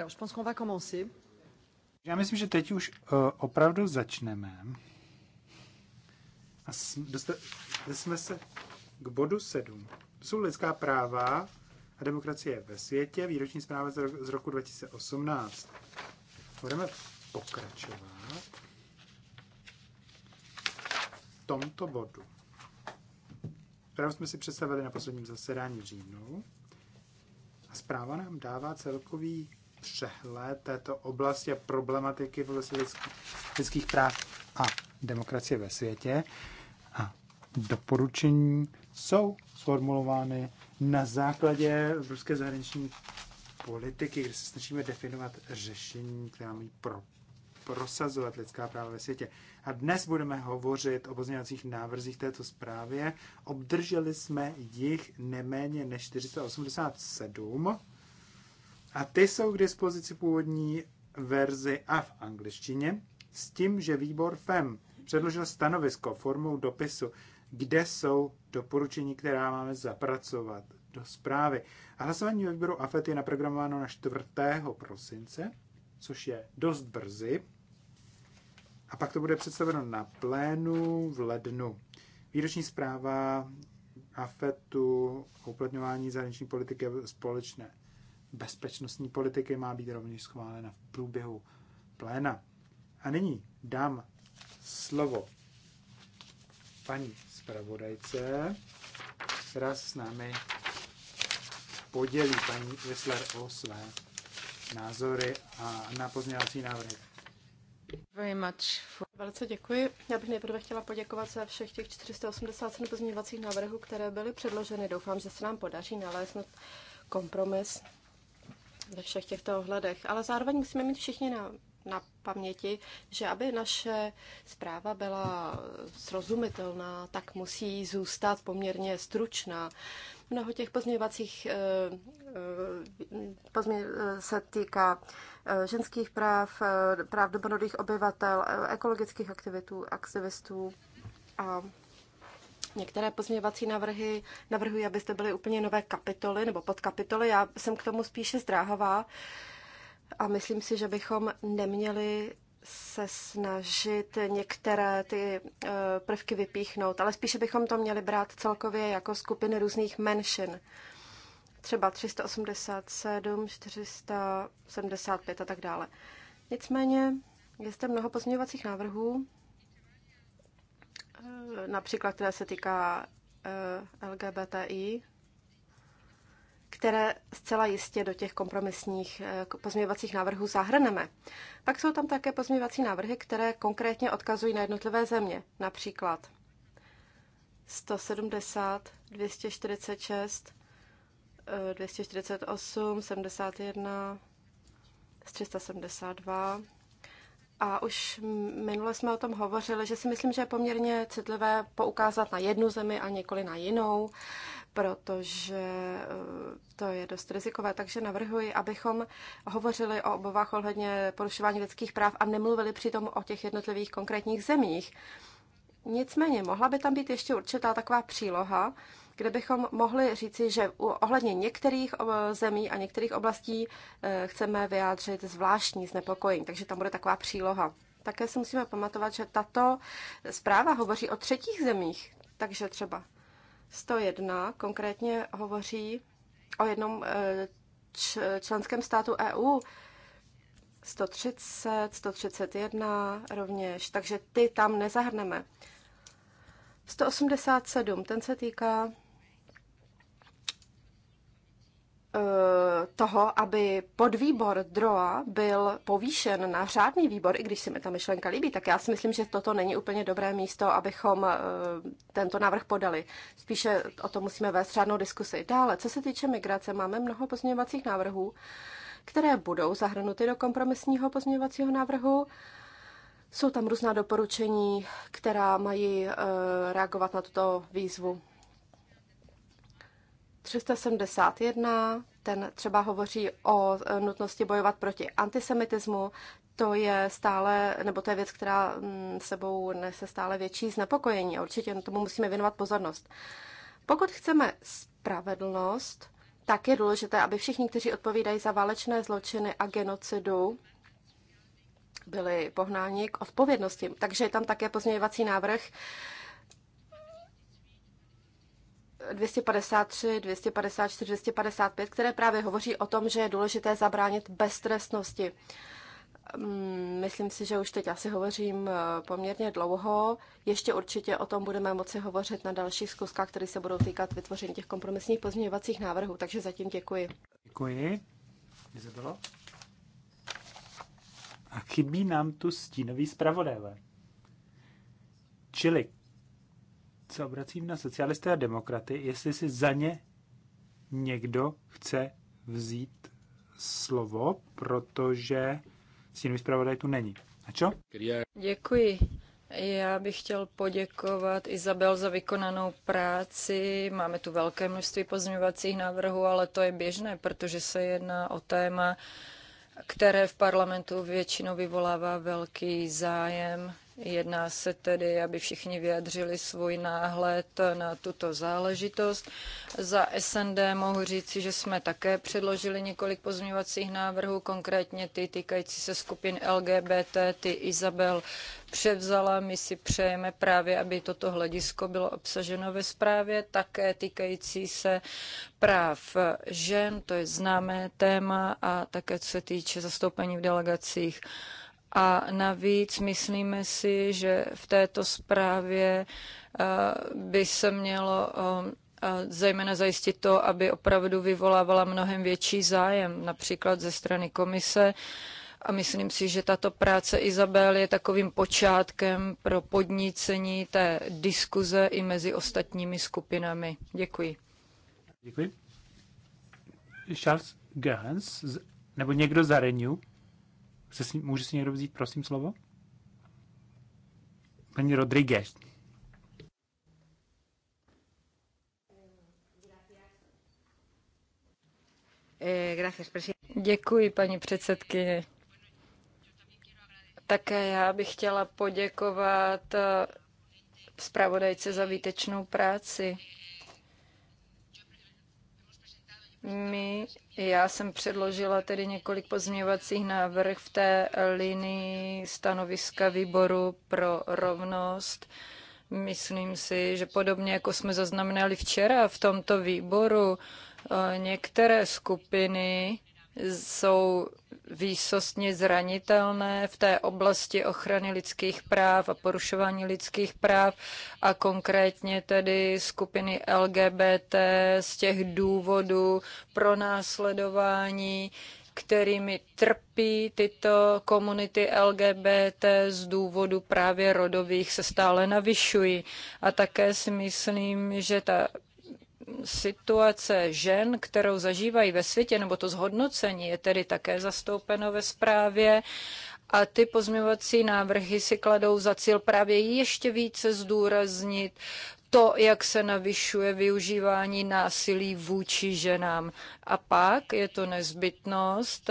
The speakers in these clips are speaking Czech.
Alors, je pense qu'on va commencer. Já myslím, že teď už uh, opravdu začneme. A dostali jsme se k bodu 7. To jsou lidská práva a demokracie ve světě, výroční zpráva z roku 2018. Budeme pokračovat v tomto bodu. Právě jsme si představili na posledním zasedání v říjnu. A zpráva nám dává celkový přehled této oblasti a problematiky v oblasti lidských práv a demokracie ve světě. A doporučení jsou sformulovány na základě ruské zahraniční politiky, kde se snažíme definovat řešení, která mají pro, prosazovat lidská práva ve světě. A dnes budeme hovořit o pozměňovacích návrzích této zprávě. Obdrželi jsme jich neméně než 487 a ty jsou k dispozici původní verzi a v angličtině, s tím, že výbor FEM předložil stanovisko formou dopisu, kde jsou doporučení, která máme zapracovat do zprávy. A hlasování o výboru AFET je naprogramováno na 4. prosince, což je dost brzy. A pak to bude představeno na plénu v lednu. Výroční zpráva AFETu o uplatňování zahraniční politiky společné bezpečnostní politiky má být rovněž schválena v průběhu pléna. A nyní dám slovo paní zpravodajce, která s námi podělí paní Wissler o své názory a na pozměňovací návrhy. Very much Velice děkuji. Já bych nejprve chtěla poděkovat za všech těch 487 pozměňovacích návrhů, které byly předloženy. Doufám, že se nám podaří nalézt kompromis ve všech těchto ohledech. Ale zároveň musíme mít všichni na, na paměti, že aby naše zpráva byla srozumitelná, tak musí zůstat poměrně stručná. Mnoho těch pozměňovacích eh, eh, eh, se týká ženských práv, práv dobrodých obyvatel, ekologických aktivitů, aktivistů a Některé pozměňovací návrhy navrhuji, abyste byly úplně nové kapitoly nebo podkapitoly. Já jsem k tomu spíše zdráhavá a myslím si, že bychom neměli se snažit některé ty eh, prvky vypíchnout, ale spíše bychom to měli brát celkově jako skupiny různých menšin. Třeba 387, 475 a tak dále. Nicméně je zde mnoho pozměňovacích návrhů, Eh, například které se týká eh, LGBTI, které zcela jistě do těch kompromisních eh, pozměňovacích návrhů zahrneme. Pak jsou tam také pozměňovací návrhy, které konkrétně odkazují na jednotlivé země, například 170, 246, 248, 71, 372 a už minule jsme o tom hovořili, že si myslím, že je poměrně citlivé poukázat na jednu zemi a nikoli na jinou, protože eh, to je dost rizikové. Takže navrhuji, abychom hovořili o obovách ohledně porušování lidských práv a nemluvili přitom o těch jednotlivých konkrétních zemích. Nicméně mohla by tam být ještě určitá taková příloha, kde bychom mohli říci, že ohledně některých eh, zemí a některých oblastí eh, chceme vyjádřit zvláštní znepokojení, takže tam bude taková příloha. Také si musíme pamatovat, že tato zpráva hovoří o třetích zemích, takže třeba 101 konkrétně hovoří o jednom eh, členském státu EU, 130, 131 rovněž, takže ty tam nezahrneme. 187, ten se týká Eh, toho, aby podvýbor DROA byl povýšen na řádný výbor, i když se mi ta myšlenka líbí, tak já si myslím, že toto není úplně dobré místo, abychom eh, tento návrh podali. Spíše o tom musíme vést řádnou diskusi. Dále, co se týče migrace, máme mnoho pozměňovacích návrhů, které budou zahrnuty do kompromisního pozměňovacího návrhu. Jsou tam různá doporučení, která mají eh, reagovat na tuto výzvu. 371, ten třeba hovoří o e, nutnosti bojovat proti antisemitismu. To je stále, nebo to je věc, která mm, sebou nese stále větší znepokojení a určitě tomu musíme věnovat pozornost. Pokud chceme spravedlnost, tak je důležité, aby všichni, kteří odpovídají za válečné zločiny a genocidu, byli pohnáni k odpovědnosti. Takže je tam také pozměňovací návrh 253, 254, 255, které právě hovoří o tom, že je důležité zabránit beztrestnosti. Mm, myslím si, že už teď asi hovořím eh, poměrně dlouho. Ještě určitě o tom budeme moci hovořit na dalších zkuskách, které se budou týkat vytvoření těch kompromisních pozměňovacích návrhů. Takže zatím děkuji. Děkuji. Izabelo? A chybí nám tu stínový zpravodajové. Čili se obracím na socialisté a demokraty, jestli si za ně někdo chce vzít slovo, protože stínový zpravodaj tu není. A čo? Děkuji. Já bych chtěl poděkovat Izabel za vykonanou práci. Máme tu velké množství pozměňovacích návrhů, ale to je běžné, protože se jedná o téma, které v parlamentu většinou vyvolává velký zájem. Jedná se tedy, aby všichni vyjadřili svůj náhled na tuto záležitost. Za SND mohu říci, že jsme také předložili několik pozměňovacích návrhů, konkrétně ty týkající se skupin LGBT, ty Izabel převzala. My si přejeme právě, aby toto hledisko bylo obsaženo ve zprávě, také týkající se práv žen, to je známé téma, a také co se týče zastoupení v delegacích. A navíc myslíme si, že v této zprávě eh, by se mělo eh, eh, zejména zajistit to, aby opravdu vyvolávala mnohem větší zájem, například ze strany komise. A myslím si, že tato práce Izabel je takovým počátkem pro podnícení té diskuze i mezi ostatními skupinami. Děkuji. Děkuji. Charles Gerens, nebo někdo za Renew? Chce si, může si někdo vzít, prosím, slovo? Paní Rodriguez. Eh, Děkuji, paní předsedkyně. Také já bych chtěla poděkovat eh, zpravodajce za výtečnou práci. My, já jsem předložila tedy několik pozměňovacích návrh v té linii stanoviska výboru pro rovnost. Myslím si, že podobně jako jsme zaznamenali včera v tomto výboru, eh, některé skupiny jsou výsostně zranitelné v té oblasti ochrany lidských práv a porušování lidských práv a konkrétně tedy skupiny LGBT z těch důvodů pro následování, kterými trpí tyto komunity LGBT z důvodu právě rodových, se stále navyšují. A také si myslím, že ta situace žen, kterou zažívají ve světě, nebo to zhodnocení je tedy také zastoupeno ve zprávě. A ty pozměňovací návrhy si kladou za cíl právě ještě více zdůraznit to, jak se navyšuje využívání násilí vůči ženám. A pak je to nezbytnost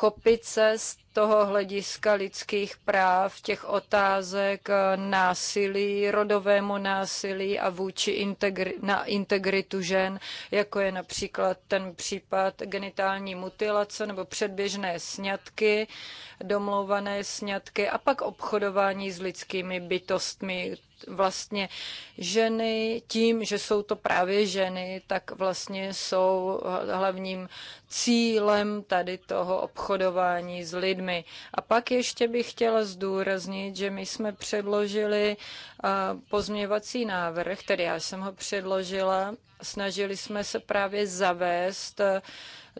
chopit se z toho hlediska lidských práv, těch otázek násilí, rodovému násilí a vůči integri- na integritu žen, jako je například ten případ genitální mutilace nebo předběžné sňatky, domlouvané sňatky a pak obchodování s lidskými bytostmi. Vlastně ženy, tím, že jsou to právě ženy, tak vlastně jsou hlavním cílem tady toho obchodování s lidmi. A pak ještě bych chtěla zdůraznit, že my jsme předložili pozměvací návrh, tedy já jsem ho předložila, snažili jsme se právě zavést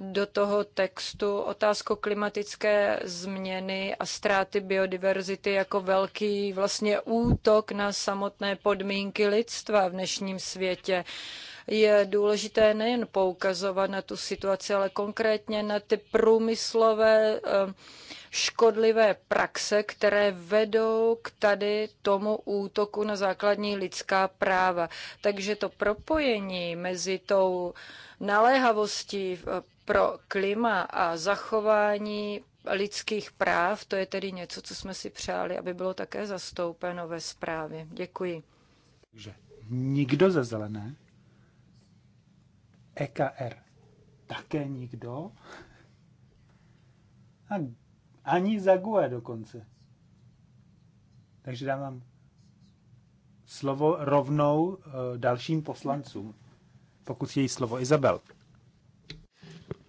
do toho textu otázku klimatické změny a ztráty biodiverzity jako velký vlastně útok na samotné podmínky lidstva v dnešním světě je důležité nejen poukazovat na tu situaci, ale konkrétně na ty průmyslové eh, škodlivé praxe, které vedou k tady tomu útoku na základní lidská práva. Takže to propojení mezi tou naléhavostí eh, pro klima a zachování lidských práv, to je tedy něco, co jsme si přáli, aby bylo také zastoupeno ve zprávě. Děkuji. Takže nikdo ze zelené? EKR také nikdo. A ani za GUE dokonce. Takže dávám slovo rovnou eh, dalším poslancům, pokud je jí slovo Izabel.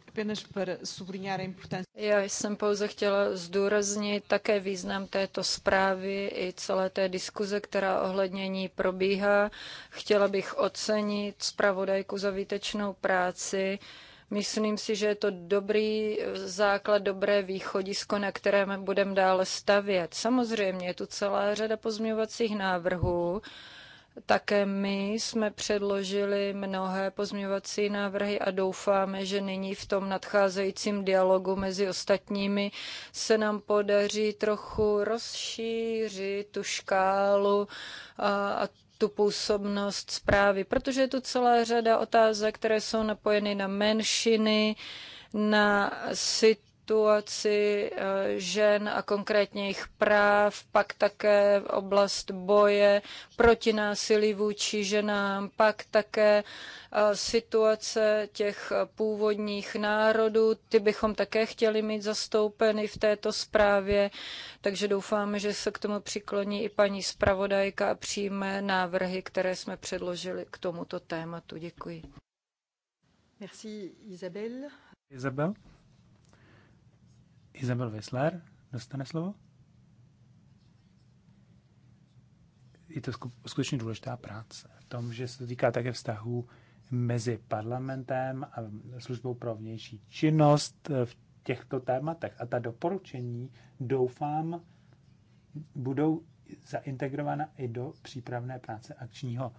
Apenas para sublinhar a importância. Já jsem pouze chtěla zdůraznit také význam této zprávy i celé té diskuze, která ohledně ní probíhá. Chtěla bych ocenit zpravodajku za výtečnou práci. Myslím si, že je to dobrý základ, dobré východisko, na kterém budeme dále stavět. Samozřejmě je tu celá řada pozměňovacích návrhů, také my jsme předložili mnohé pozměňovací návrhy a doufáme, že nyní v tom nadcházejícím dialogu mezi ostatními se nám podaří trochu rozšířit tu škálu a, a tu působnost zprávy, protože je tu celá řada otázek, které jsou napojeny na menšiny, na situaci, situaci eh, žen a konkrétně jejich práv, pak také oblast boje proti násilí vůči ženám, pak také eh, situace těch původních národů, ty bychom také chtěli mít zastoupeny v této zprávě, takže doufáme, že se k tomu přikloní i paní zpravodajka a přijme návrhy, které jsme předložili k tomuto tématu. Děkuji. Merci Isabelle. Isabelle. Izabel Wessler dostane slovo. Je to skutečně důležitá práce v tom, že se to týká také vztahu mezi parlamentem a službou pro vnější činnost eh, v těchto tématech. A ta doporučení, doufám, budou zaintegrována i do přípravné práce akčního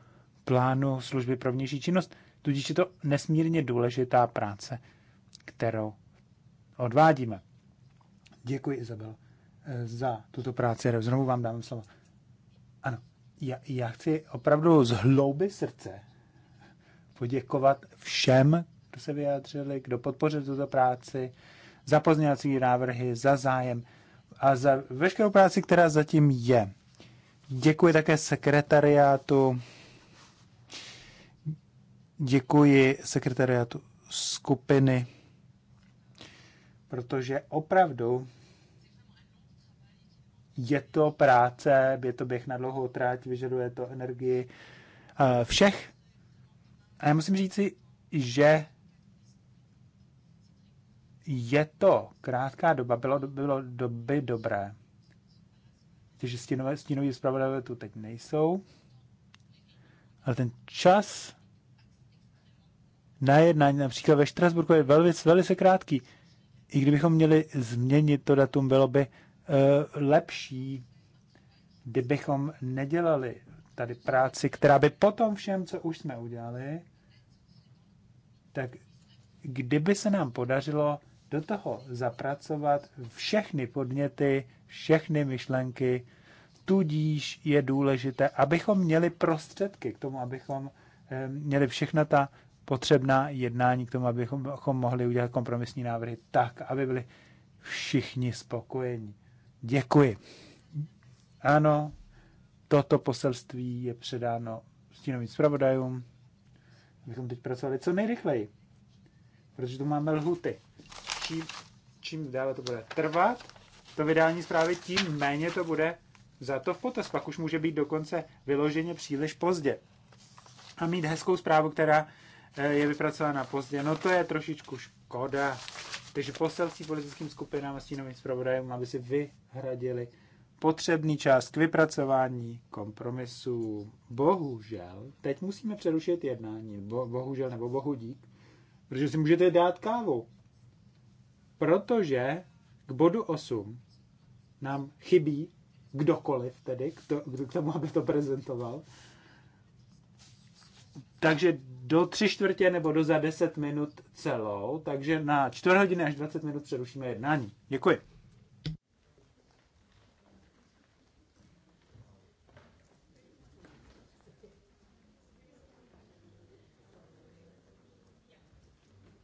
plánu služby pro vnější činnost. Tudíž je to nesmírně důležitá práce, kterou odvádíme. Děkuji, Izabel, eh, za tuto práci. Znovu vám dám slovo. Ano, já, já chci opravdu z hlouby srdce poděkovat všem, kdo se vyjádřili, kdo podpořil tuto práci, za pozměňovací návrhy, za zájem a za veškerou práci, která zatím je. Děkuji také sekretariátu. Děkuji sekretariátu skupiny protože opravdu je to práce, je to běh na dlouhou tráť, vyžaduje to energii eh, všech. A já musím říci, že je to krátká doba, bylo, bylo doby dobré. Takže stínové, stínoví zpravodajové tu teď nejsou. Ale ten čas na jednání, například ve Štrasburku, je velice, velice krátký i kdybychom měli změnit to datum, bylo by eh, lepší, kdybychom nedělali tady práci, která by potom všem, co už jsme udělali, tak kdyby se nám podařilo do toho zapracovat všechny podněty, všechny myšlenky, tudíž je důležité, abychom měli prostředky k tomu, abychom eh, měli všechna ta potřebná jednání k tomu, abychom mohli udělat kompromisní návrhy tak, aby byli všichni spokojeni. Děkuji. Ano, toto poselství je předáno stínovým zpravodajům, abychom teď pracovali co nejrychleji, protože tu máme lhuty. Čím, čím dále to bude trvat, to vydání zprávy, tím méně to bude za to v potaz. Pak už může být dokonce vyloženě příliš pozdě. A mít hezkou zprávu, která Eh, je vypracována pozdě. No to je trošičku škoda. Takže poselcí politickým skupinám a stínovým zpravodajům, aby si vyhradili potřebný čas k vypracování kompromisu. Bohužel, teď musíme přerušit jednání, bo, bohužel nebo bohu dík, protože si můžete dát kávu. Protože k bodu 8 nám chybí kdokoliv tedy, k, kdo k tomu, aby to prezentoval. Takže do tři čtvrtě nebo do za 10 minut celou, takže na čtvrt hodiny až 20 minut přerušíme jednání. Děkuji.